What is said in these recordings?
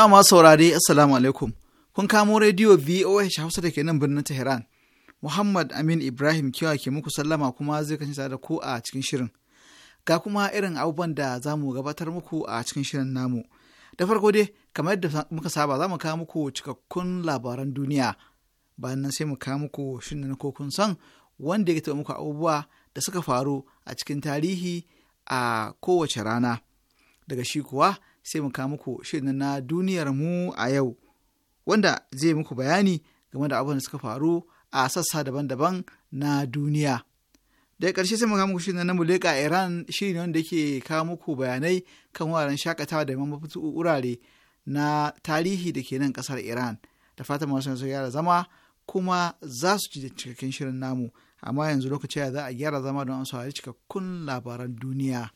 Jama'a masu saurare, Assalamu alaikum. Kun kamo rediyo VOH Hausa da ke nan birnin Tehran. Muhammad Amin Ibrahim kiwa ke muku sallama kuma zai kasance da ku a cikin shirin. Ga kuma irin abubuwan da za mu gabatar muku a cikin shirin namu. Da farko dai, kamar yadda muka saba za mu kawo muku cikakkun labaran duniya. Bayan nan sai mu kawo muku shirin ko kun san wanda ya taɓa muku abubuwa da suka faru a cikin tarihi a kowace rana. Daga shi kuwa sai mu ka muku shirin na duniyar mu a yau wanda zai muku bayani game da abubuwan da suka faru a sassa daban-daban na duniya. Daga ƙarshe sai mu ka muku shirin na Muleka Iran shirin wanda yake ka muku bayanai kan wuraren shakatawa da mafitu wurare na tarihi da ke nan kasar Iran. Da fatan masu yanzu gyara zama kuma za su ji cikakken shirin namu. Amma yanzu lokaci za a gyara zama don an saurari cikakkun labaran duniya.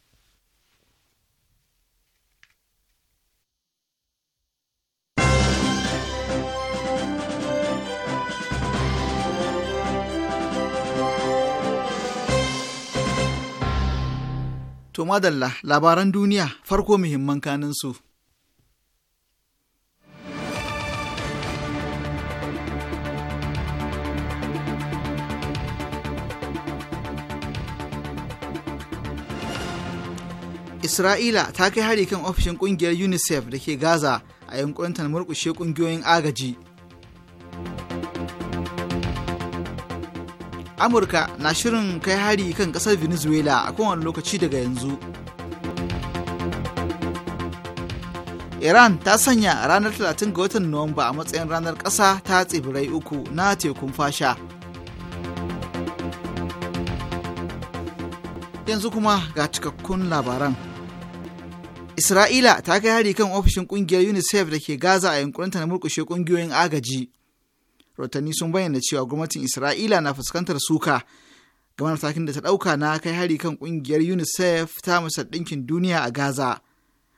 To madalla labaran duniya farko muhimman kaninsu. Isra'ila ta kai hari kan ofishin ƙungiyar UNICEF da ke Gaza a yankunan murƙushe ƙungiyoyin agaji. amurka na shirin kai hari kan kasar venezuela a kowane lokaci daga yanzu iran ta sanya ranar 30 ga watan nuwamba a matsayin ranar ƙasa ta tsibirai uku na tekun fasha yanzu kuma ga cikakkun labaran isra'ila ta kai hari kan ofishin kungiyar unicef da ke gaza a yankunanta na murkushe kungiyoyin agaji rahotanni sun bayyana cewa gwamnatin isra'ila na fuskantar suka game da matakin da ta ɗauka na kai hari kan ƙungiyar unicef ta musar ɗinkin duniya a gaza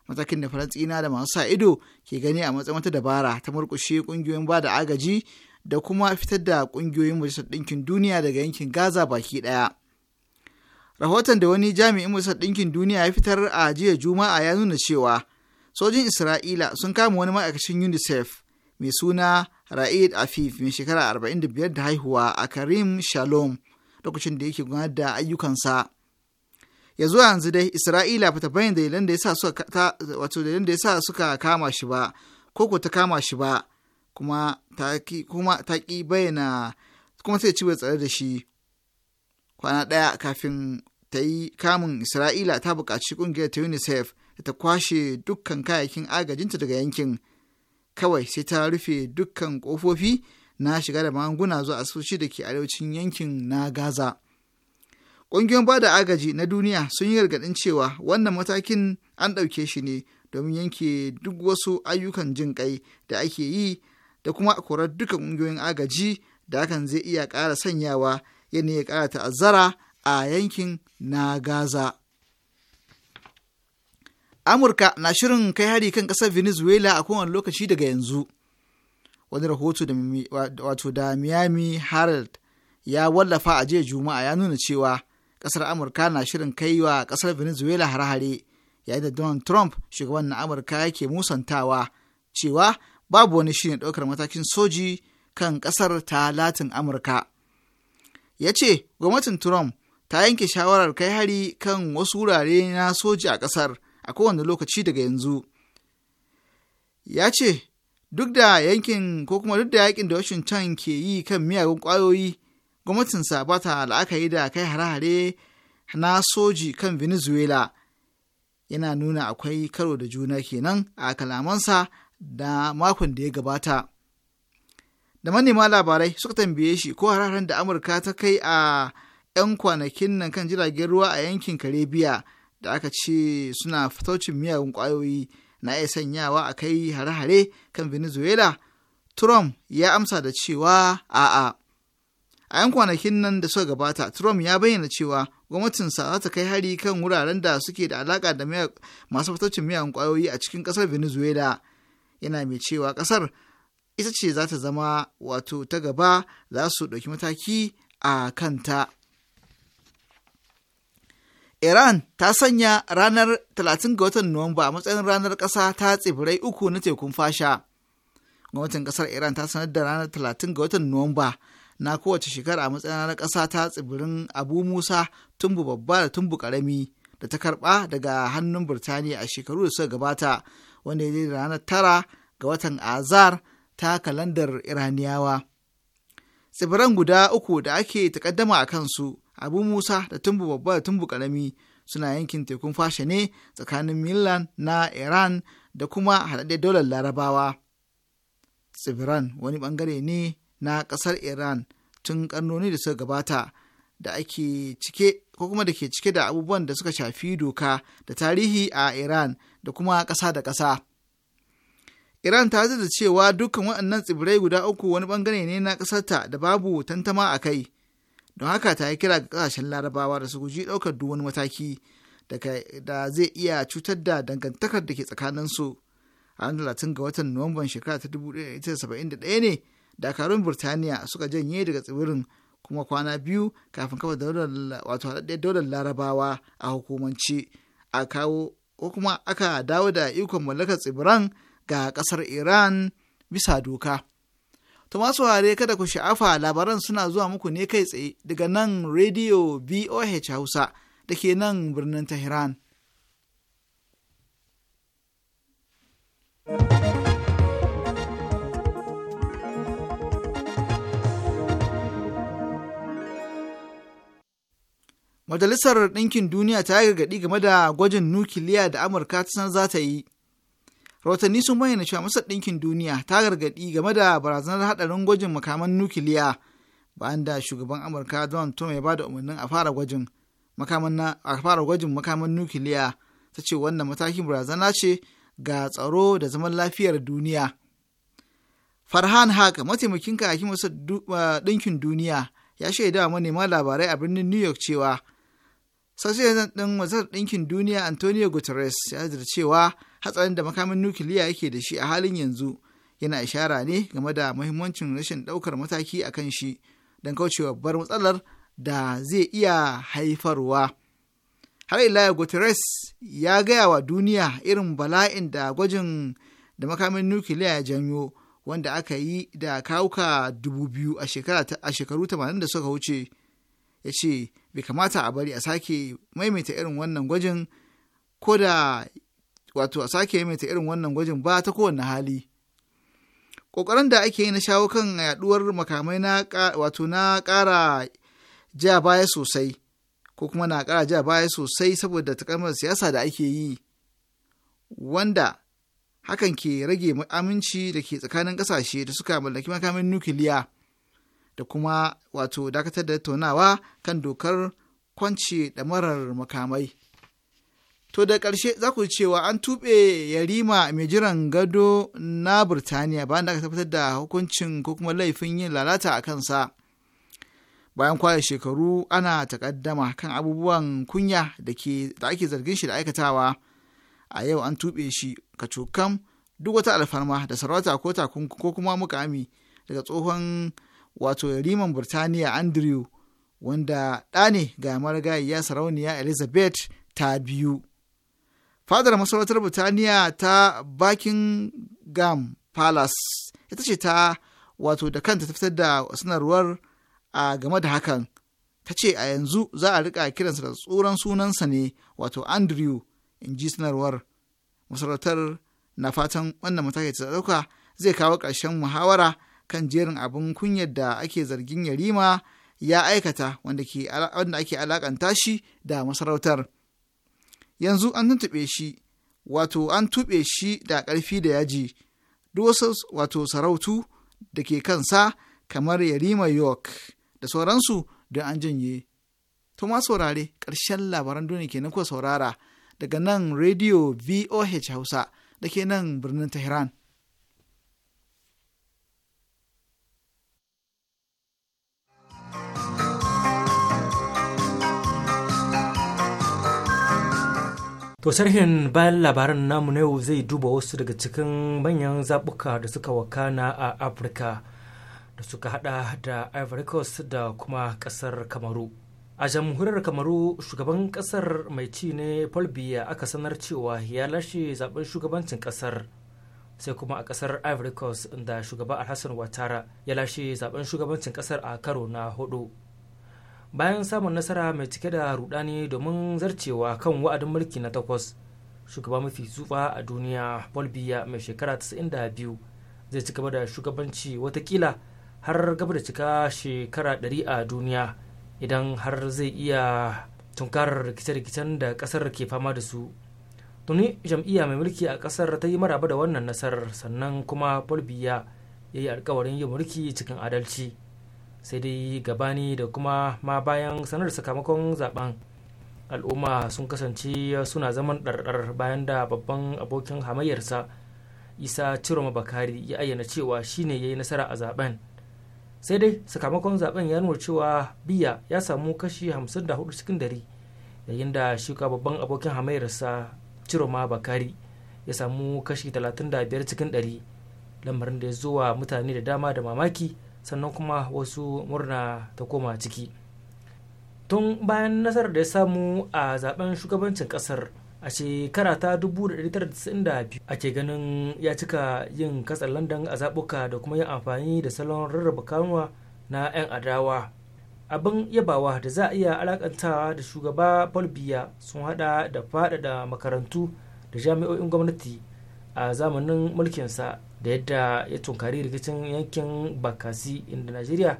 matakin da farantsina da masu sa ido ke gani a matsayin wata dabara ta murƙushe ƙungiyoyin ba da agaji da kuma fitar da ƙungiyoyin majalisar ɗinkin duniya daga yankin gaza baki ɗaya rahoton da wani jami'in majalisar ɗinkin duniya ya fitar a jiya juma'a ya nuna cewa sojin isra'ila sun kama wani ma'aikacin unicef mai suna Ra'id Afif mai shekara 45 da haihuwa a Karim Shalom lokacin da yake gudanar da ayyukansa. Ya zuwa yanzu dai Isra'ila fata bayan dalilan da yasa suka ta wato dalilan da yasa suka kama shi ba ko ko ta kama shi ba kuma ta ki kuma ta ki bayyana kuma sai ci bai tsare da shi. Kwana ɗaya kafin ta yi kamun Isra'ila ta buƙaci ƙungiyar ta UNICEF da ta kwashe dukkan kayayyakin agajinta daga yankin. kawai sai ta rufe dukkan kofofi na shiga da magunguna zuwa asibitoci da ke arewacin yankin na Gaza. Ƙungiyoyin ba da agaji na duniya sun yi gargaɗin cewa wannan matakin an ɗauke shi ne domin yanke duk wasu ayyukan jin ƙai da ake yi da kuma korar dukkan ƙungiyoyin agaji da hakan zai iya ƙara sanyawa yana ya ƙara ta'azzara a yankin na Gaza. Amurka na shirin kai hari kan ƙasar Venezuela a kowane lokaci daga yanzu. Wani rahoto da wato da Miami Herald ya wallafa a jiya Juma'a ya nuna cewa ƙasar Amurka na shirin kai wa ƙasar Venezuela hare-hare yayin da Donald Trump shugaban na Amurka yake musantawa cewa babu wani shirin ɗaukar matakin soji kan ƙasar ta Latin Amurka. Ya ce gwamnatin Trump ta yanke shawarar kai hari kan wasu wurare na soji a ƙasar. a kowane lokaci daga yanzu ya ce duk da yankin ko kuma duk da yakin da washington ke yi kan miyagun kwayoyi gwamnatinsa ba ta la'akari da kai hare-hare na soji kan venezuela yana nuna akwai karo da juna kenan a kalamansa da makon da ya gabata da manema labarai suka tambaye shi ko hararren da amurka ta kai a 'yan kwanakin nan kan jiragen ruwa a yankin karibiya da aka ce suna fataucin miyagun kwayoyi na iya sanyawa a kai hare-hare kan venezuela trump ya amsa da cewa a'a a yan kwanakin nan da suka gabata trump ya bayyana cewa gwamnatinsa za ta kai hari kan wuraren da suke da alaka da masu fataucin miyagun kwayoyi a cikin ƙasar venezuela yana mai cewa ƙasar ita ce za ta zama wato ta gaba za su ɗauki mataki a kanta. Iran ta sanya ranar 30 ga watan Nuwamba a matsayin ranar ƙasa ta tsibirai uku na tekun fasha. Gwamnatin ƙasar Iran ta sanar da ranar 30 ga watan Nuwamba na kowace shekara a matsayin ranar ƙasa ta tsibirin Abu Musa tumbu babba da tumbu ƙarami da ta karɓa daga hannun Birtaniya a shekaru da suka gabata wanda ya da ranar tara ga watan Azar ta kalandar Iraniyawa. Tsibiran guda uku da ake takaddama a kansu abu musa da tumbu babba da tumbu karami suna yankin tekun fashe ne tsakanin milan na iran da kuma haɗaɗɗen daular larabawa tsibiran wani bangare ne na ƙasar iran tun ƙarnoni da suka gabata da ake cike ko kuma da ke cike da abubuwan da suka shafi doka da tarihi a iran da kuma ƙasa da ƙasa iran ta da cewa dukkan waɗannan tsibirai guda uku wani bangare ne na ƙasarta da babu tantama a kai don haka ta yi kira ga kasashen larabawa da su guji ɗaukar duk wani mataki da zai iya cutar da dangantakar da ke tsakanin su a ranar talatin ga watan nuwamban shekara ta ɗaya ne dakarun birtaniya suka janye daga tsibirin kuma kwana biyu kafin kafa daular wato haɗaɗɗiyar daular larabawa a hukumanci a kawo ko kuma aka dawo da ikon mallakar tsibiran ga ƙasar iran bisa doka. To masu ware kada ku sha'afa labaran suna zuwa muku ne kai tsaye daga nan Radio VOH Hausa da ke nan birnin Tehran. Majalisar Ɗinkin Duniya ta yi gargaɗi game da gwajin nukiliya da Amurka ta san za ta yi. rahotanni sun bayyana cewa masar ɗinkin duniya ta gargaɗi game da barazanar haɗarin gwajin makaman nukiliya bayan da shugaban amurka donald trump ya bada umarnin a fara gwajin makaman makaman nukiliya ta ce wannan matakin barazana ce ga tsaro da zaman lafiyar duniya farhan haq mataimakin kakakin masar eh, ɗinkin duniya ya shaida wa manema labarai a birnin new york cewa sashen ɗin wasan ɗinkin duniya antonio guterres ya da cewa hatsarin da makamin nukiliya yake da shi a halin yanzu yana ishara ne game da mahimmancin rashin ɗaukar mataki a kan shi don kaucewa babbar matsalar da zai iya haifarwa har ila guterres ya gaya wa duniya irin bala'in da gwajin da makamin nukiliya ya janyo wanda aka yi da kawuka dubu biyu a shekaru 80 da suka wuce ya ce bai kamata a bari a sake maimaita irin wannan gwajin ko da wato a sake maimaita irin wannan gwajin ba ta kowane hali ƙoƙarin da ake yi na shawo kan yaduwar makamai na wato na ƙara ja baya sosai ko kuma na ƙara ja baya sosai saboda takamar siyasa da ake yi wanda hakan ke rage aminci da ke tsakanin ƙasashe da suka mallaki makamin nukiliya da kuma wato dakatar da tonawa kan dokar kwanci da marar makamai. To da ƙarshe za ku cewa an tuɓe yarima mai jiran gado na birtaniya bayan da aka tabbatar da hukuncin ko kuma laifin yin lalata a kansa. Bayan kwaya shekaru ana takaddama kan abubuwan kunya da ake zargin shi da aikatawa. A yau an tuɓe shi ka cokam duk wata alfarma da sarauta ko kuma mukami daga tsohon wato yariman Birtaniya Andrew wanda ɗa ne ga marigayiya sarauniya Elizabeth ta biyu. Fadar masarautar Birtaniya ta Buckingham Palace ita ce ta wato da kanta ta fitar da sanarwar a game da hakan. Ta ce a yanzu za a riƙa kiransa da tsoron sunansa ne wato Andrew in ji sanarwar. Masarautar na fatan wannan mataki ta dauka zai kawo ƙarshen muhawara kan jerin abin kunyar da ake zargin yarima ya aikata wanda ake alakanta shi da masarautar yanzu an tuntuɓe shi wato an tuɓe shi da ƙarfi da yaji duk wato sarautu da ke kansa kamar yarima york da sauransu don an janye to ma saurare ƙarshen labaran duniya ke nan saurara daga nan radio voh hausa da ke nan birnin tehran To sarhin bayan labaran namu na yau zai duba wasu daga cikin manyan zaɓuka da suka wakana a Afirka da suka hada da Ivory Coast da kuma ƙasar Kamaru. A jamhuriyar Kamaru shugaban ƙasar mai ci ne Paul Biya aka sanar cewa ya lashe zaben shugabancin ƙasar. sai kuma a ƙasar Ivory Coast da shugaba Alhassan Watara ya lashe zaben shugabancin ƙasar a karo na hudu. bayan samun nasara mai cike da rudani domin zarcewa kan wa'adin mulki na takwas shugaba mafi tsufa a duniya paul biya mai shekara 92 zai ci gaba da shugabanci watakila har gaba da cika shekara 100 a duniya idan har zai iya tunkarar rikice-rikicen da kasar ke fama da su tuni jam'iyya mai mulki a kasar ta yi maraba da wannan nasarar sannan kuma paul biya ya yi alkawarin yin mulki cikin adalci sai dai gabani da kuma ma bayan sanar sakamakon zaben al'umma sun kasance suna zaman ɗarɗar bayan da babban abokin hamayyarsa isa ciroma bakari ya ayyana cewa shine ya yi nasara a zaben sai dai sakamakon zaben ya nuna cewa biya ya samu kashi 54 cikin dari yayin da shi babban abokin hamayyarsa ciroma bakari ya samu kashi 35 cikin dari lamarin da ya zuwa mutane da dama da mamaki sannan kuma wasu murna ta koma ciki tun bayan nasarar da ya samu a zaben shugabancin kasar a shekara ta 1992 ake ganin ya cika yin kasar Landan a zabuka da kuma yin amfani da salon rarraba kanuwa na 'yan adawa abin yabawa da za a iya alakantawa da shugaba paul biya sun hada da faɗaɗa makarantu da jami'o'in gwamnati a zamanin mulkinsa da yadda ya tunkari rikicin yankin bakasi inda najeriya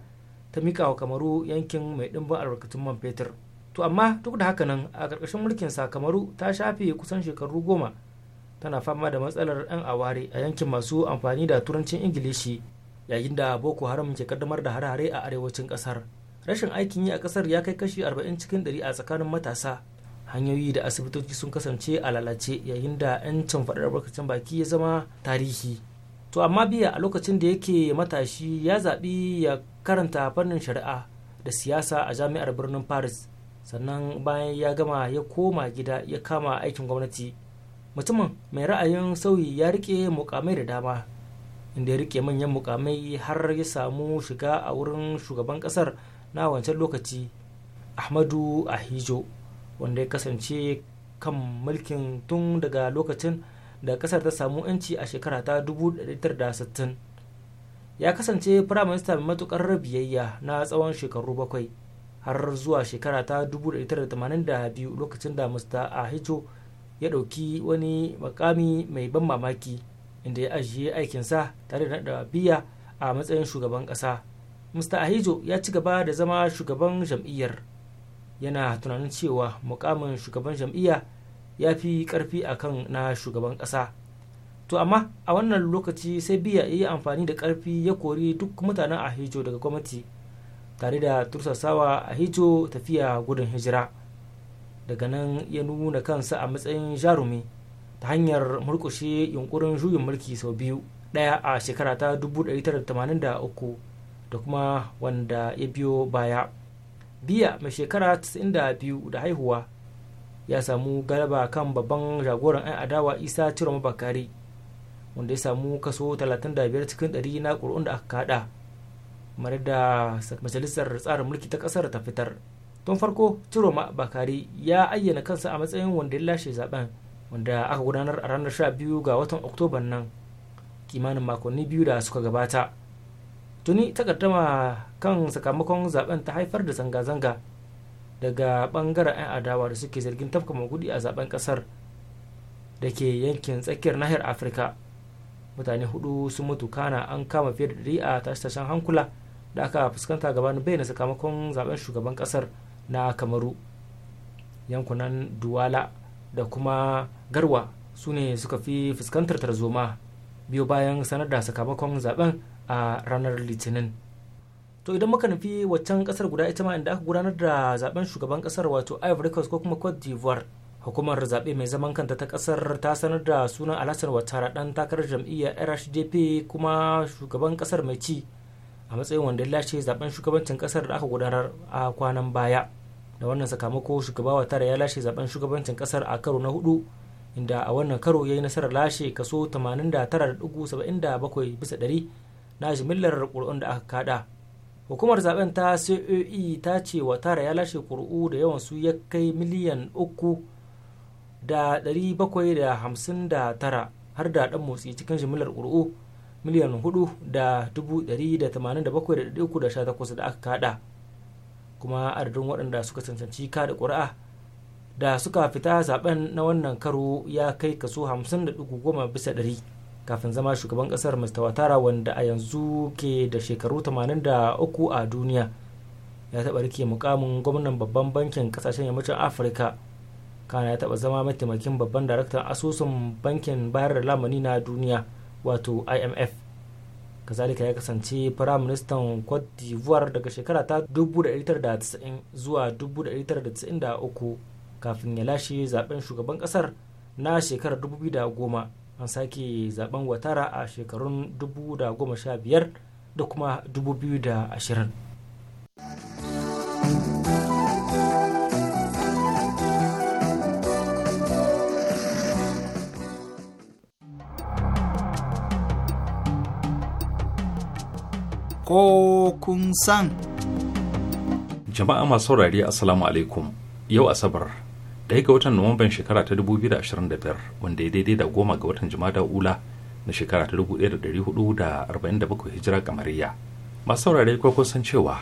ta mika wa kamaru yankin mai ɗimbin albarkatun man fetur to amma duk da haka nan a ƙarƙashin sa kamaru ta shafe kusan shekaru goma tana fama da matsalar 'yan aware a yankin masu amfani da turancin ingilishi yayin da boko haram ke kaddamar da hare-hare a arewacin kasar rashin aikin yi a ƙasar ya kai kashi arba'in cikin 100 a tsakanin matasa hanyoyi da asibitoci sun kasance a lalace yayin da 'yancin faɗar albarkacin baki ya zama tarihi to amma biya a lokacin da yake matashi ya zaɓi ya karanta fannin shari'a da siyasa a jami'ar birnin paris sannan bayan ya gama ya koma gida ya kama aikin gwamnati mutumin mai ra'ayin sauyi ya rike mukamai da dama inda ya rike manyan mukamai har ya samu shiga a wurin shugaban kasar na wancan lokaci ahmadu ahijo wanda ya kasance kan mulkin tun daga lokacin da kasar ta samu 'yanci a shekara ta 1960 ya kasance firaminista mai matukar biyayya na tsawon shekaru bakwai har zuwa shekara ta 1982 lokacin da mr ahijo ya ɗauki wani makami mai ban mamaki inda ya ajiye aikinsa tare da naɗa biya a matsayin shugaban ƙasa mr ahijo ya ci gaba da zama shugaban jam'iyyar yana tunanin cewa mukamin shugaban jam'iyya ya fi karfi kan na shugaban ƙasa to amma a wannan lokaci sai biya ya yi amfani da karfi ya kori duk mutanen a ahijo daga gwamnati tare da tursasawa a ahijo tafiya gudun hijira daga nan ya nuna kansa a matsayin jarumi ta hanyar murkushe yunkurin juyin mulki sau biyu ɗaya a shekara ta 1983 da kuma wanda ya biyo baya biya mai shekara 92 da haihuwa ya samu galaba kan babban jagoran 'yan adawa isa ciroma bakari wanda ya samu kaso 35 cikin 100 na ƙuri'un da aka kada mare da majalisar tsarin mulki ta ƙasar ta fitar tun farko ciroma bakari ya ayyana kansa a matsayin wanda ya lashe zaben wanda aka gudanar a ranar 12 ga watan oktoban nan kimanin makonni biyu da suka gabata tuni takaddama kan sakamakon zaben ta haifar da zanga-zanga daga bangaren 'yan adawa da suke zargin tafka magudi a zaben kasar da ke yankin tsakiyar nahiyar afirka mutane hudu sun mutu kana an kama fiye da dari a tashen hankula da aka fuskanta gabanin bayyana sakamakon zaben shugaban kasar na kamaru yankunan duwala da kuma garwa su ne suka fi fuskantar tarzoma biyu bayan sanar da sakamakon zaben a ranar litinin to idan muka nufi waccan kasar guda ita ma inda aka gudanar da zaben shugaban kasar wato ivory coast ko kuma cote d'ivoire hukumar zaɓe mai zaman kanta ta kasar ta sanar da sunan alhassan watara dan takarar jam'iyyar rhdp kuma shugaban kasar mai ci a matsayin wanda ya lashe zaben shugabancin kasar da aka gudanar a kwanan baya da wannan sakamako shugaba watara ya lashe zaben shugabancin kasar a karo na hudu inda a wannan karo ya yi nasarar lashe kaso 89.77 bisa ɗari na jimillar ƙuri'un da aka kada hukumar zaben ta coe ta ce tara ya lashe ƙuri'u da yawan su ya kai miliyan uku da ɗari bakwai da hamsin da tara har da ɗan motsi cikin jimillar ƙuri'u miliyan hudu da dubu ɗari da tamanin da bakwai da ɗari uku da sha takwas da aka kada kuma adadin waɗanda suka cancanci kada ƙuri'a da suka fita zaben na wannan karo ya kai kaso hamsin da ɗigo goma bisa ɗari kafin zama shugaban kasar mr watara wanda a yanzu ke da shekaru 83 a duniya ya taɓa rike mukamin gwamnan babban bankin kasashen yammacin afirka kana ya taɓa zama mataimakin babban daraktan asusun bankin bayar da lamani na duniya wato imf kazalika ya kasance firaministan cote d'ivoire daga shekara ta 1990 zuwa 1993 kafin ya lashe zaben shugaban kasar na shekarar 2010 an sake zaben watara a shekarun 2015 da kuma 2020 ko kun san jama'a masu saurari assalamu alaikum yau asabar daya ga watan nuwamban shekara ta 2025 wanda ya daidai da goma ga watan jumada ula na shekara ta 1447 hijira kamariya masu saurare ko kun san cewa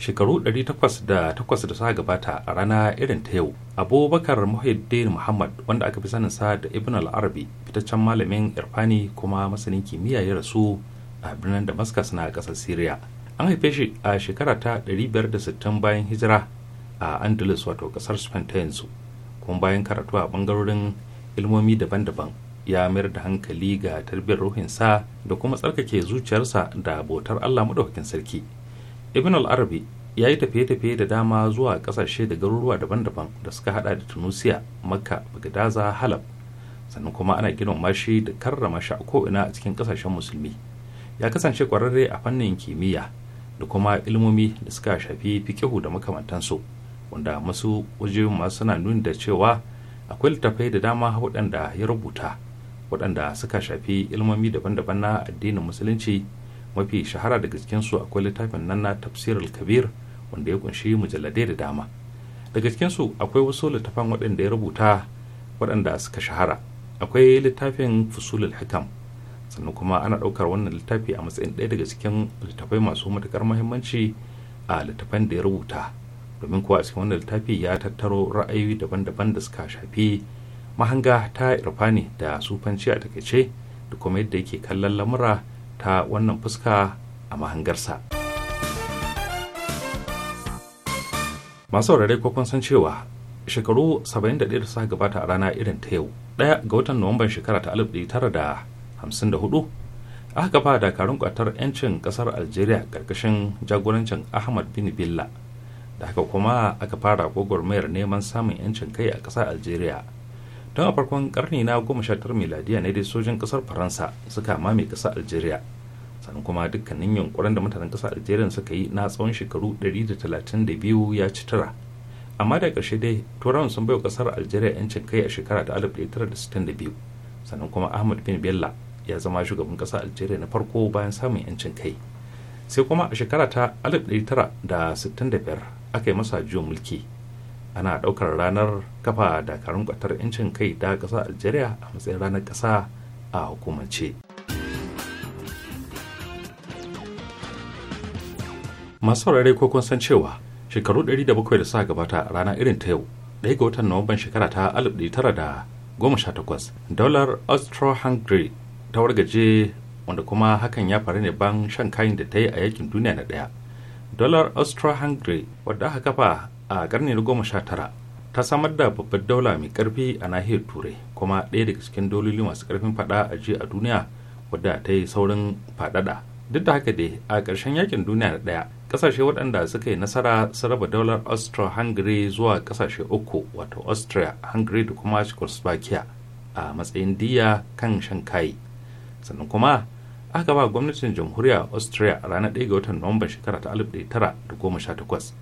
shekaru 808 da suka gabata a rana irin ta yau abubakar muhiddin muhammad wanda aka fi saninsa da ibn al-arabi fitaccen malamin irfani kuma masanin kimiyya ya rasu a birnin damascus na ƙasar syria an haife shi a shekara ta 560 bayan hijira a andalus wato ƙasar spain ta yanzu kuma bayan karatu a bangarorin ilmomi daban-daban ya mayar da hankali ga tarbiyyar ruhinsa da kuma tsarkake zuciyarsa da botar allah maɗaukakin sarki ibn al-arabi ya yi tafiye-tafiye da dama zuwa kasashe da garuruwa daban-daban da suka hada da tunisia makka bagdaza halab sannan kuma ana girmama shi da karrama shi a ko'ina a cikin kasashen musulmi ya kasance kwararre a fannin kimiyya da kuma ilmomi da suka shafi fikihu da makamantansu wanda masu waje masu suna nuni da cewa akwai littafai da dama waɗanda ya rubuta waɗanda suka shafi ilmomi daban-daban na addinin musulunci mafi shahara daga cikinsu akwai littafin nan na tafsirul kabir wanda ya kunshi mujalladai da dama daga cikinsu akwai wasu littafan waɗanda ya rubuta waɗanda suka shahara akwai littafin fusulul hikam sannan kuma ana ɗaukar wannan littafi a matsayin ɗaya daga cikin littafai masu matuƙar muhimmanci a littafan da ya rubuta domin kuwa a cikin wannan littafi ya tattaro ra'ayoyi daban-daban da suka shafi mahanga ta irfani da sufanci a takaice da kuma yadda yake kallon lamura ta wannan fuska a mahangarsa masu rarrai kun san cewa shekaru 71 da suka gabata a rana irin ta yau daya ga watan nuwamban shekara ta 1954 aka kafa dakarun kwatar 'yancin kasar algeria karkashin jagorancin ahmad bin billa da haka kuma aka fara gwagwarmayar neman samun 'yancin kai a ƙasar algeria don a farkon karni na goma sha tara miladiya ne dai sojin ƙasar faransa suka mame ƙasar algeria sannan kuma dukkanin yunkurin da mutanen ƙasar algeria suka yi na tsawon shekaru 132 ya ci tara amma da ƙarshe dai turawan sun baiwa ƙasar algeria 'yancin kai a shekara ta 1962 sannan kuma ahmad bin bella ya zama shugaban ƙasar algeria na farko bayan samun 'yancin kai sai kuma a shekara ta 1965 aka yi masa juyin mulki ana ɗaukar ranar kafa dakarun kwatar 'yancin kai da ƙasa algeria a matsayin ranar ƙasa a hukumance masu saurari ko kun san cewa shekaru 107 da suka gabata rana irin ta yau ɗaya ga watan nuwamban shekara ta 1918 dollar austro-hungary ta wargaje wanda kuma hakan ya faru ne ban shan kayan da ta yi a yakin duniya na ɗaya Dalar Austro-Hungary wadda aka kafa a karni na goma sha tara ta samar da babbar daula mai karfi a nahiyar Turai kuma ɗaya daga cikin dololi masu karfin fada a a duniya wadda ta yi saurin fadada. Duk da haka dai a ƙarshen yakin duniya na ɗaya ƙasashe waɗanda suka yi nasara su raba daular Austro-Hungary zuwa ƙasashe uku wato Austria, Hungary da kuma Czechoslovakia a matsayin diya kan shan kayi. Sannan kuma aka ba gwamnatin jamhuriyar austria a ranar 1 ga watan nuwamban shekara ta 1918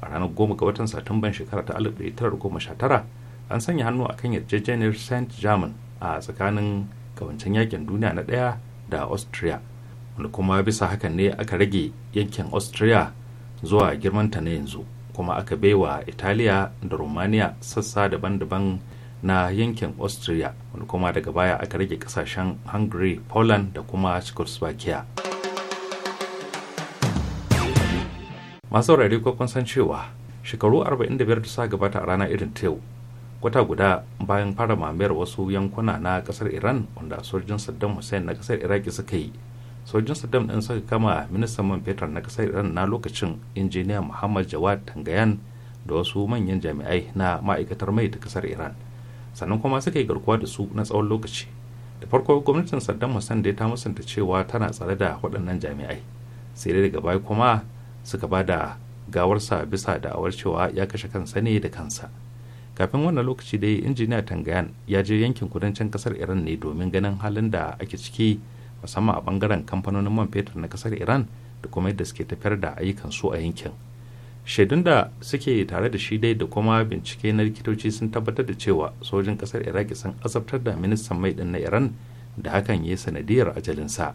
a ranar 10 ga watan satumban shekara ta 1919 an sanya hannu a kan yarjejeniyar saint german a tsakanin kawancin yakin duniya na daya da austria wanda kuma bisa hakan ne aka rage yankin austria zuwa girmanta na yanzu kuma aka baiwa italiya da romania sassa daban-daban na yankin austria wani kuma daga baya aka rage kasashen hungary poland da kuma czechoslovakia masu rari kun san cewa shekaru 45 da sa gabata a rana irin ta yau kwata guda bayan fara mamayar wasu yankuna na kasar iran wanda sojin saddam hussein na kasar iraki suka yi sojin saddam din suka kama ministan man fetur na kasar iran na lokacin injiniya muhammad jawad tangayan da wasu manyan jami'ai na ma'aikatar mai ta kasar iran sannan kuma suka yi garkuwa da su na tsawon lokaci da farko gwamnatin saddam hussein ya ta musanta cewa tana tsare da waɗannan jami'ai sai dai daga baya kuma suka ba da gawarsa bisa da'awar cewa ya kashe kansa ne da kansa kafin wannan lokaci dai injiniya tangayan ya je yankin kudancin kasar iran ne domin ganin halin da ake ciki musamman a bangaren kamfanonin man fetur na kasar iran da kuma yadda suke tafiyar da ayyukan su a yankin shaidun da suke tare da shi dai da kuma bincike na likitoci sun tabbatar da cewa sojin kasar iraki sun azabtar da ministan mai din na iran da hakan ya sanadiyar ajalinsa.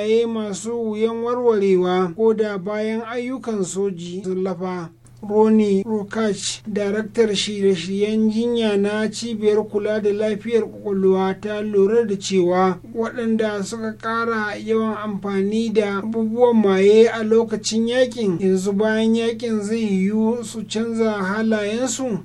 halaye masu wuyan warwarewa ko da bayan ayyukan soji sun lafa Roni Rokach, daraktar shirye-shiryen jinya na cibiyar kula da lafiyar kwakwalwa ta lura da cewa waɗanda suka ƙara yawan amfani da abubuwan maye a lokacin yakin yanzu bayan yakin zai yiwu su canza halayensu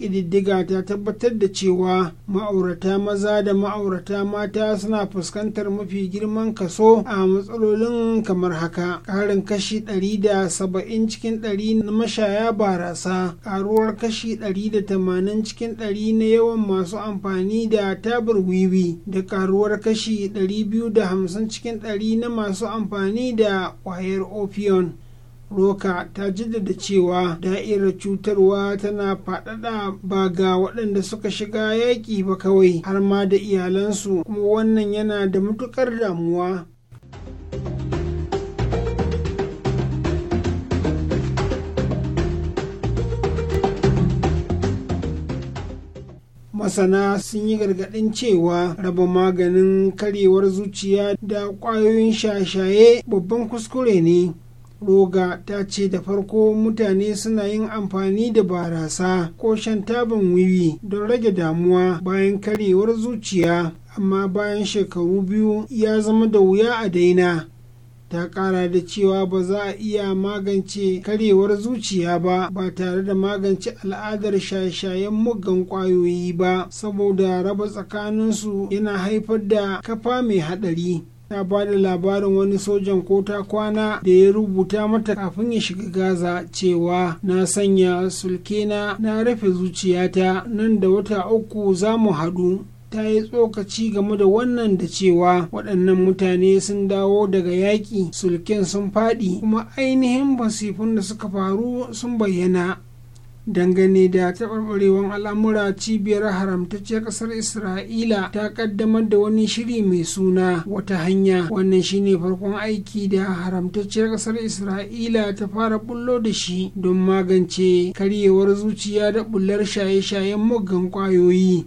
ƙididdiga ta tabbatar da cewa ma'aurata maza da ma'aurata mata suna fuskantar mafi girman kaso a matsalolin kamar haka ƙarin kashi 170 cikin 100 na mashaya barasa ƙaruwar kashi 180 cikin 100 na yawan masu amfani da tabar wiwi da ƙaruwar kashi 250 cikin 100 na masu amfani da ƙwayar opion roka ta jaddada cewa da'irar cutarwa tana faɗaɗa ba ga waɗanda suka shiga yaƙi ba kawai har ma da iyalansu kuma wannan yana da matuƙar damuwa masana sun yi gargaɗin cewa raba maganin karyewar zuciya da ƙwayoyin shashaye babban kuskure ne roga ta ce da farko mutane suna yin amfani da barasa ko shan tabin wiwi don rage damuwa bayan karewar zuciya amma bayan shekaru biyu ya zama da wuya a daina ta kara da cewa ba za a iya magance karewar zuciya ba ba tare da magance al'adar shaye-shayen muggan kwayoyi ba saboda raba tsakaninsu yana haifar da kafa mai haɗari ta ba da labarin wani sojan ko ta kwana da ya rubuta mata kafin ya shiga gaza cewa na sanya sulkena na rufe zuciyata nan da wata uku za mu haɗu ta yi tsokaci game da wannan da cewa waɗannan mutane sun dawo daga yaƙi sulken sun faɗi kuma ainihin basifin da suka faru sun bayyana dangane da taɓarɓarewar al'amura cibiyar haramtacciyar ƙasar isra'ila ta ƙaddamar da wani shiri mai suna wata hanya wannan shine farkon aiki da haramtacciyar ƙasar isra'ila ta fara bullo da shi don magance karyewar zuciya da bullar shaye-shayen muggan ƙwayoyi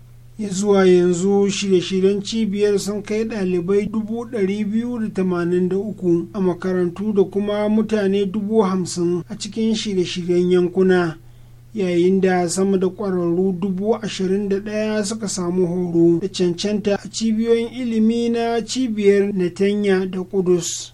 ya zuwa yanzu shirye-shiryen cibiyar sun kai ɗalibai 283 a makarantu da kuma mutane 50,000 a cikin shirye-shiryen yankuna yayin da sama da ƙwararru 21,000 suka samu horo da cancanta a cibiyoyin ilimi na cibiyar netanya da kudus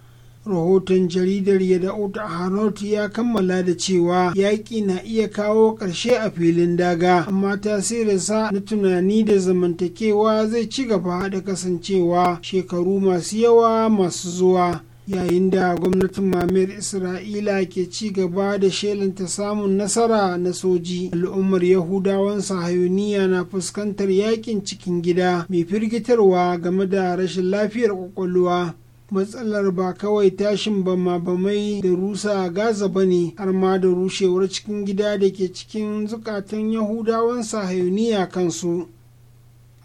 rahoton jaridar ya yadda'ut hanot ya kammala da cewa yaƙi na iya kawo ƙarshe a filin daga amma tasirinsa na tunani da zamantakewa zai ci gaba da kasancewa shekaru masu yawa masu zuwa yayin da gwamnatin mamir isra'ila ke ci gaba da shelanta samun nasara na soji al'ummar yahudawan sahayuniya na fuskantar yakin cikin gida mai firgitarwa game da rashin lafiyar ƙwaƙwalwa. matsalar ba kawai tashin bama-bamai da rusa a gaza ba ne har ma da rushewar cikin gida da ke cikin zukatan yahudawan sahayuniya kansu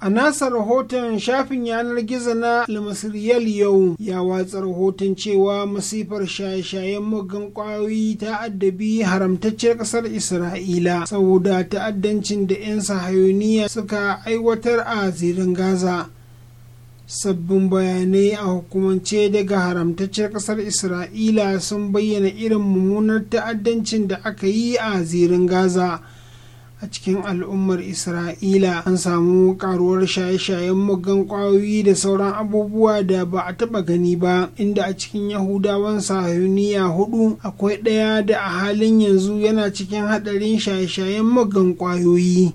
a nasa rahoton shafin yanar gizo na almasiriyal yau ya watsa rahoton cewa masifar shaye-shayen muggan kwayoyi ta addabi haramtacciyar kasar isra'ila saboda ta'addancin da 'yan sahayoniya suka aiwatar a zirin gaza sabbin bayanai a hukumance daga haramtaccen ƙasar isra'ila sun bayyana irin mummunar ta'addancin da aka yi a zirin gaza a cikin al'ummar isra'ila an samu karuwar shaye-shayen muggan kwayoyi da sauran abubuwa da ba a taba gani ba inda a cikin yahudawan sahuniya hudu akwai ɗaya da a halin yanzu yana cikin haɗarin shaye-shayen muggan kwayoyi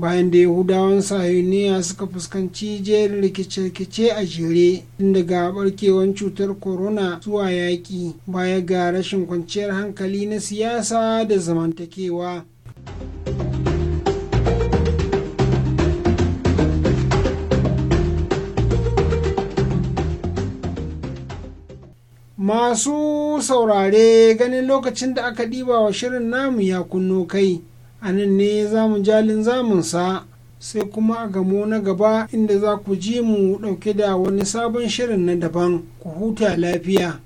bayan da yahudawan sahiyoniya suka fuskanci jerin rikice-rikice a jere daga barkewan cutar corona zuwa yaƙi baya ga rashin kwanciyar hankali na siyasa da zamantakewa masu saurare ganin lokacin da aka ɗiba wa shirin namu ya kunno kai a nan ne za mu jalin zamunsa sai kuma a gamo na gaba inda za ku ji mu dauke da wani sabon shirin na daban ku huta lafiya.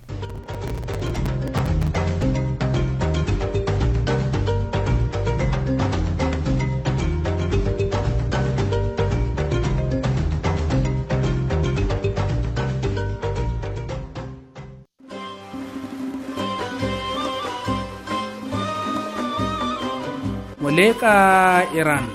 leka iran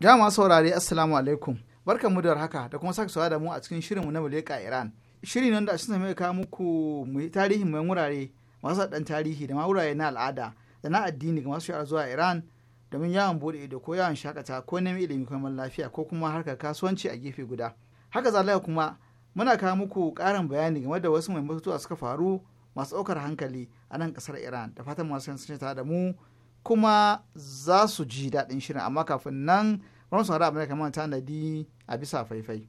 jama'a saurare assalamu alaikum barka mu da haka da kuma sake saurara da mu a cikin shirinmu na muleka iran shiri nan da a cikin kawo muku mu tarihin mai wurare masu dan tarihi da ma wurare na al'ada da na addini ga masu sha'ar zuwa iran domin yawon bude ido ko yawan shakata ko neman ilimi ko lafiya ko kuma harkar kasuwanci a gefe guda haka zalaya kuma muna kawo muku karin bayani game da wasu mai mutuwa suka faru masu ɗaukar hankali a nan ƙasar iran da fatan masu sun ta da mu kuma za su ji daɗin shirin amma kafin nan wani su hada kamar tanadi a bisa faifai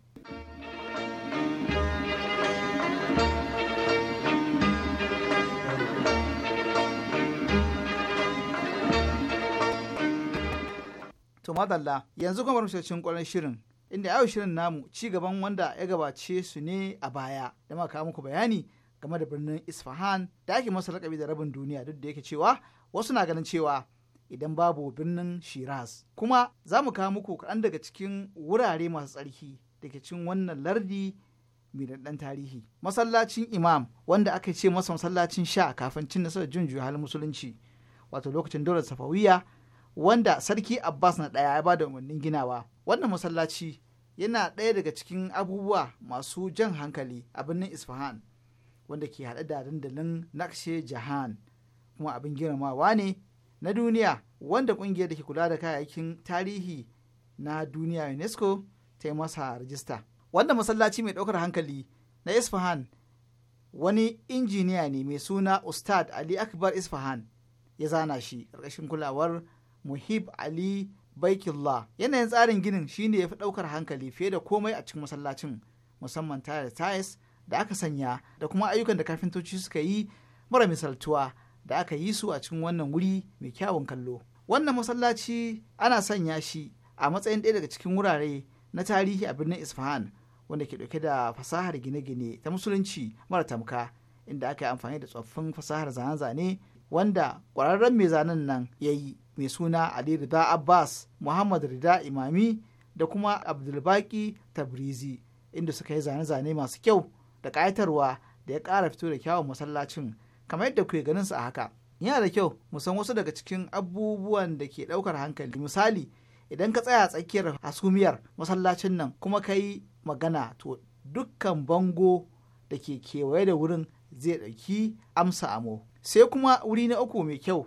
to madalla yanzu kuma bari cikin kwarar shirin inda yau shirin namu ci gaban wanda ya gabace su ne a baya da muka kawo muku bayani game da birnin isfahan da ake masa lakabi da rabin duniya duk da yake cewa wasu na ganin cewa idan babu birnin shiraz kuma za mu kawo muku kaɗan daga cikin wurare masu tsarki da ke cin wannan lardi mai daɗan tarihi masallacin imam wanda aka ce masa masallacin sha kafin cin nasarar jin juhalin musulunci wato lokacin daular safawiya wanda sarki abbas na ɗaya ya ba da umarnin ginawa wannan masallaci yana ɗaya daga cikin abubuwa masu jan hankali a birnin isfahan wanda ke haɗe da dandalin nakshe jahan kuma abin girmamawa ne na duniya wanda ƙungiyar da ke kula da kayayyakin tarihi na duniya unesco ta yi masa rajista wanda masallaci mai ɗaukar hankali na isfahan wani injiniya ne mai suna ustad ali akbar isfahan ya zana shi ƙarƙashin kulawar muhib ali baikillah yanayin tsarin ginin shi ne ya fi ɗaukar hankali fiye da komai a cikin masallacin musamman tayar tayes da aka sanya da kuma ayyukan da kafintoci suka yi mara misaltuwa da aka yi su a cikin wannan wuri mai kyawun kallo wannan masallaci ana sanya shi a matsayin ɗaya daga cikin wurare na tarihi a birnin isfahan wanda ke ɗauke da fasahar gine-gine ta musulunci mara tamka inda aka yi amfani da tsoffin fasahar zane-zane wanda ƙwararren mai zanen nan ya yi mai suna ali rida abbas muhammad rida imami da kuma abdulbaki tabrizi inda suka yi zane-zane masu kyau da ƙayatarwa da ya ƙara fito da kyawun masallacin kamar yadda kuke ganin su a haka yana da kyau mu san wasu daga cikin abubuwan da ke ɗaukar hankali misali idan ka tsaya tsakiyar hasumiyar masallacin nan kuma ka yi magana to dukkan bango da ke kewaye da wurin zai ɗauki amsa amo sai kuma wuri na uku mai kyau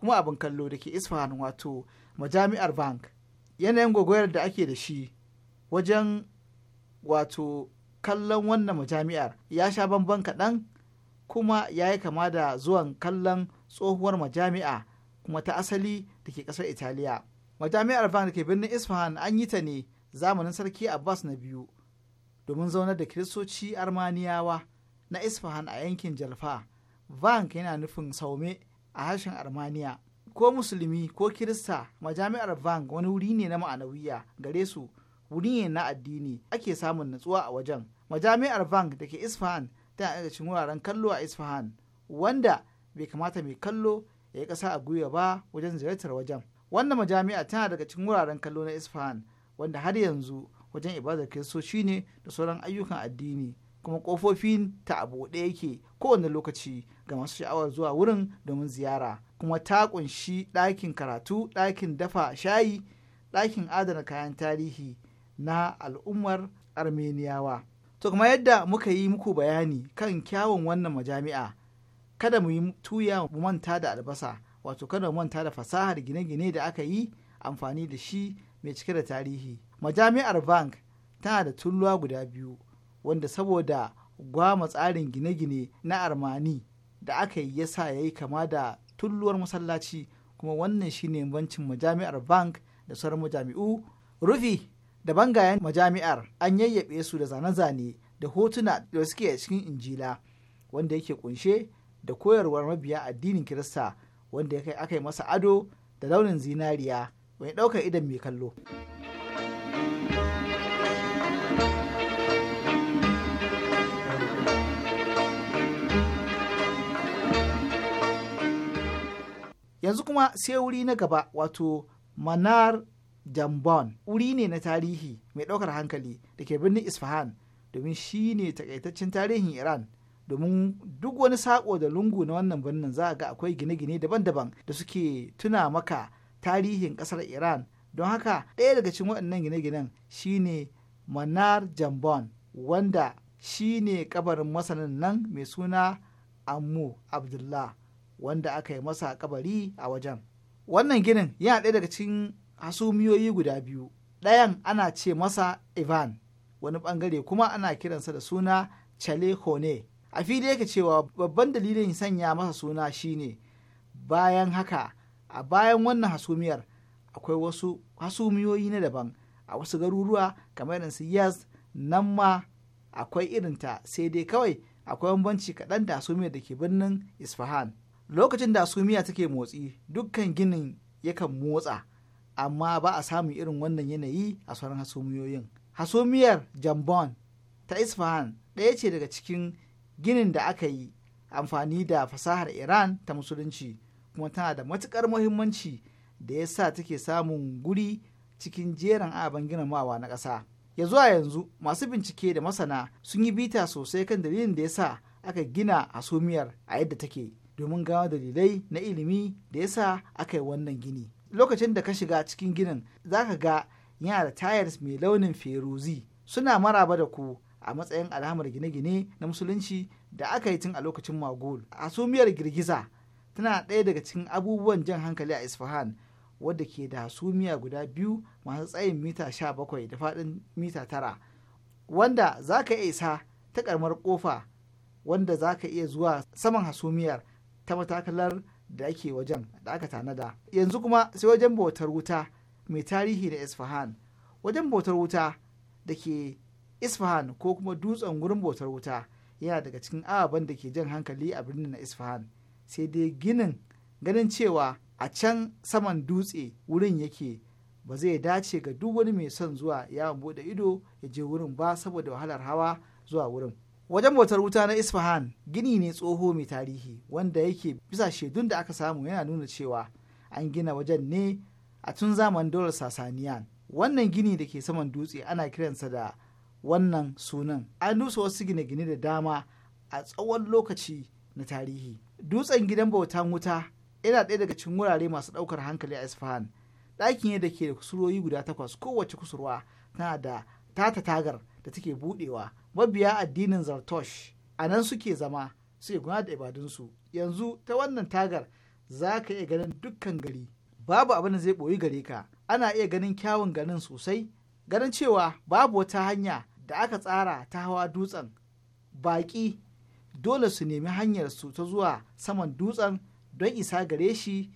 kuma abin kallo da ke isfahan wato majami'ar bank yanayin gwagwayar da ake da shi wajen wato kallon wannan majami'ar ya sha bamban kaɗan kuma ya yi kama da zuwan kallon tsohuwar majami'a kuma ta asali da ke ƙasar italiya majami'ar bank da ke birnin isfahan an yi ta ne zamanin sarki abbas na biyu domin zaunar da kiristoci armaniyawa na isfahan a yankin jalfa bank yana nufin saume a harshen armaniya ko musulmi ko kirista majami'ar bank wani wuri ne na ma'anawiya gare su wuri ne na addini ake samun natsuwa a wajen majami'ar bank da ke isfahan tana daga cikin wuraren kallo a isfahan wanda bai kamata mai kallo ya yi ƙasa a gwiwa ba wajen ziyartar wajen wannan majami'a tana daga cikin wuraren kallo na isfahan wanda har yanzu wajen ibadar kiristoci ne da sauran ayyukan addini kuma kofofin ta a buɗe yake kowane lokaci ga masu sha'awar zuwa wurin domin ziyara kuma ta kunshi ɗakin karatu ɗakin dafa shayi ɗakin adana kayan tarihi na al'ummar armeniyawa to kuma yadda muka yi muku bayani kan kyawun wannan majami'a kada mu yi tuya mu manta da albasa wato kada mu manta da fasahar gine-gine da aka yi amfani da shi mai cike da tarihi majami'ar bank tana da tulluwa guda biyu wanda saboda gwama tsarin gine-gine na armani da aka yi yasa ya yi kama da tulluwar masallaci kuma wannan shine bancin majami'ar bank da sauran majami'u rufi da bangayen majami'ar an yayyabe su da zane-zane da hotuna da suke a cikin injila wanda yake kunshe da koyarwar mabiya addinin kirista wanda ya kai aka yi masa ado da launin zinariya mai ɗaukar idan mai kallo. yanzu kuma sai wuri na gaba wato manar jambon wuri ne na tarihi mai ɗaukar hankali da ke birnin isfahan domin shi ne takaitaccen tarihin iran domin duk wani saƙo da lungu na wannan birnin za a ga akwai gine-gine daban-daban da suke tuna maka tarihin ƙasar iran don haka ɗaya daga cikin waɗannan gine-ginen shine manar jambon wanda shine kabarin masanin nan mai suna ammu abdullah wanda aka yi masa kabari a wajen wannan ginin yana ɗaya daga cikin hasumiyoyi guda biyu ɗayan ana ce masa ivan wani bangare kuma ana kiransa da suna hone a fili yake cewa babban dalilin sanya masa suna shine bayan haka a bayan wannan hasumiyar akwai wasu hasumiyoyi na daban a wasu garuruwa kamar su yaz nan ma akwai irinta sai dai kawai akwai bambanci kaɗan da hasumiyar da ke birnin isfahan lokacin da hasumiya take motsi dukkan ginin yakan motsa amma ba a samun irin wannan yanayi a sauran hasumiyoyin hasumiyar jambon ta isfahan ɗaya ce daga cikin ginin da aka yi amfani da fasahar iran ta musulunci kuma tana da matuƙar muhimmanci da ya sa take samun guri cikin jeran ababen mawa na ƙasa ya zuwa yanzu masu bincike da masana sun yi bita sosai kan dalilin da ya sa aka gina hasumiyar a yadda take domin gano dalilai na ilimi da ya sa aka yi wannan gini lokacin da ka shiga cikin ginin za ka ga yana da tayars mai launin feruzi suna maraba da ku a matsayin alamar gine-gine na musulunci da aka yi tun a lokacin magul hasumiyar girgiza tana ɗaya daga cikin abubuwan jan hankali a isfahan wadda ke da hasumiya guda biyu masu tsayin mita sha bakwai da faɗin mita tara wanda za ka iya isa ta ƙaramar ƙofa wanda za ka iya zuwa saman hasumiyar ta matakalar da ake wajen da aka tanada yanzu kuma sai wajen bautar wuta mai tarihi na isfahan wajen bautar wuta da ke isfahan ko kuma dutsen wurin bautar wuta yana daga cikin ababen da ke jan hankali a birnin na isfahan sai dai ginin ganin cewa a can saman dutse wurin yake ba zai dace ga duk wani mai son zuwa yawon bude ido ya je wurin ba saboda wahalar hawa zuwa wurin wajen bautar wuta na isfahan gini ne tsoho mai tarihi wanda yake bisa shaidun da aka samu yana nuna cewa an gina wajen ne a tun zaman daular sasaniyan wannan gini da ke saman dutse ana kiransa da wannan sunan an nusa wasu gine-gine da dama a tsawon lokaci na tarihi dutsen gidan bautan wuta yana ɗaya daga cikin wurare masu ɗaukar hankali a isfahan ɗakin yadda ke da kusurwoyi guda takwas kowace kusurwa tana da tata tagar da take buɗewa mabiya addinin zartosh a nan suke zama suke gudanar da ibadunsu yanzu ta wannan tagar za ka iya ganin dukkan gari babu abin da zai ɓoyi gare ka ana iya ganin kyawun ganin sosai ganin cewa babu wata hanya da aka tsara ta hawa dutsen baƙi dole su nemi hanyar su ta zuwa saman dutsen don isa gare shi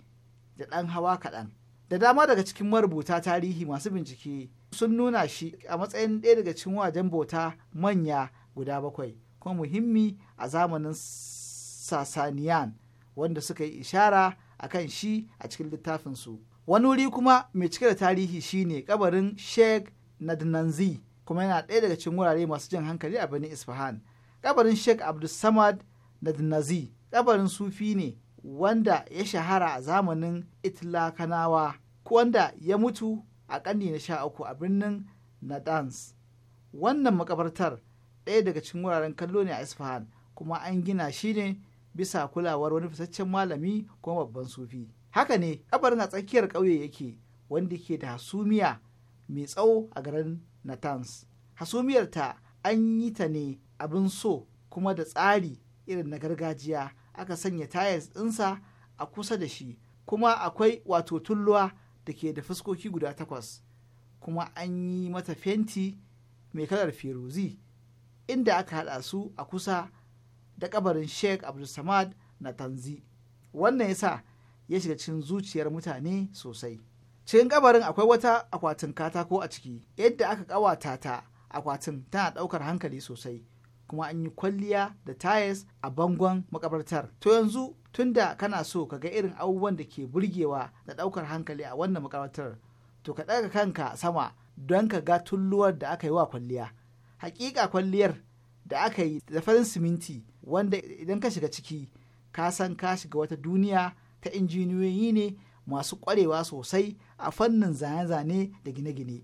da ɗan hawa kaɗan da dama daga cikin marubuta tarihi masu bincike sun nuna shi a matsayin ɗaya daga cikin wajen bauta manya guda bakwai kuma muhimmi a zamanin sasaniyan wanda suka yi ishara a kan shi a cikin littafinsu wani wuri kuma mai cike da tarihi shine kabarin sheikh nadnanzi kuma yana ɗaya daga cikin wurare masu jin hankali a birnin isfahan kabarin sheikh abdulsamad nadnazi kabarin sufi ne wanda ya shahara a zamanin itlakanawa wanda ya mutu a ƙarni na sha uku a birnin nadans Wannan makabartar ɗaya daga cikin wuraren kallo ne a Isfahan kuma an gina shi ne bisa kulawar wani fitaccen malami kuma babban sufi. Haka ne kabarin a tsakiyar ƙauye yake wanda ke da hasumiya mai tsawo a garin Natans. Hasumiyar ta an yi ta ne abin so kuma da tsari irin na gargajiya aka sanya tayas ɗinsa a kusa da shi kuma akwai wato tulluwa da ke da fuskoki guda takwas kuma an yi mata fenti mai kalar firuzi inda aka haɗa su a kusa da kabarin sheikh abdulsamad na tanzi wannan yasa ya shiga cikin zuciyar mutane sosai cikin kabarin akwai wata akwatin katako a ciki yadda aka ƙawata ta akwatin tana ɗaukar hankali sosai kuma an yi kwalliya da tayes a bangon makabartar to yanzu tunda kana so ka ga irin abubuwan da ke burgewa da ɗaukar hankali a wannan makabartar to ka ɗaga kanka sama don ka ga tulluwar da aka yi wa kwalliya hakika kwalliyar da aka yi da farin siminti wanda idan ka shiga ciki ka san ka shiga wata duniya ta injiniyoyi ne masu kwarewa sosai a fannin zane-zane da gine-gine.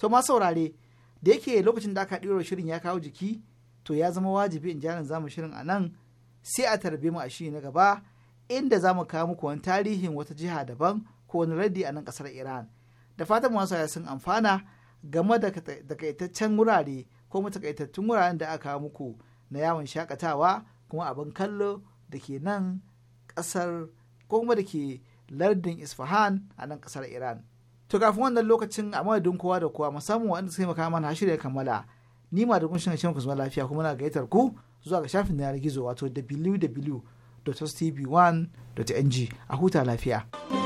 to ma saurare da yake lokacin da aka ɗiro shirin ya kawo jiki to ya zama wajibi in za zamu shirin a nan sai a tarbe mu a shiri na gaba inda za mu kawo muku wani tarihin wata jiha daban ko wani raddi a nan ƙasar iran da fatan masu sun amfana game da takaitaccen wurare ko matakaitattun wuraren da aka kawo muku na yawon shakatawa kuma abin kallo da ke nan ƙasar ko kuma da ke lardin isfahan a nan ƙasar iran to kafin wannan lokacin a madadin kowa da kowa musamman waɗanda suka maka mana shirya kammala ni ma da kun shan ku zama lafiya kuma na gayyatar ku zuwa ga shafin na yanar gizo wato www.tv1.ng a huta lafiya.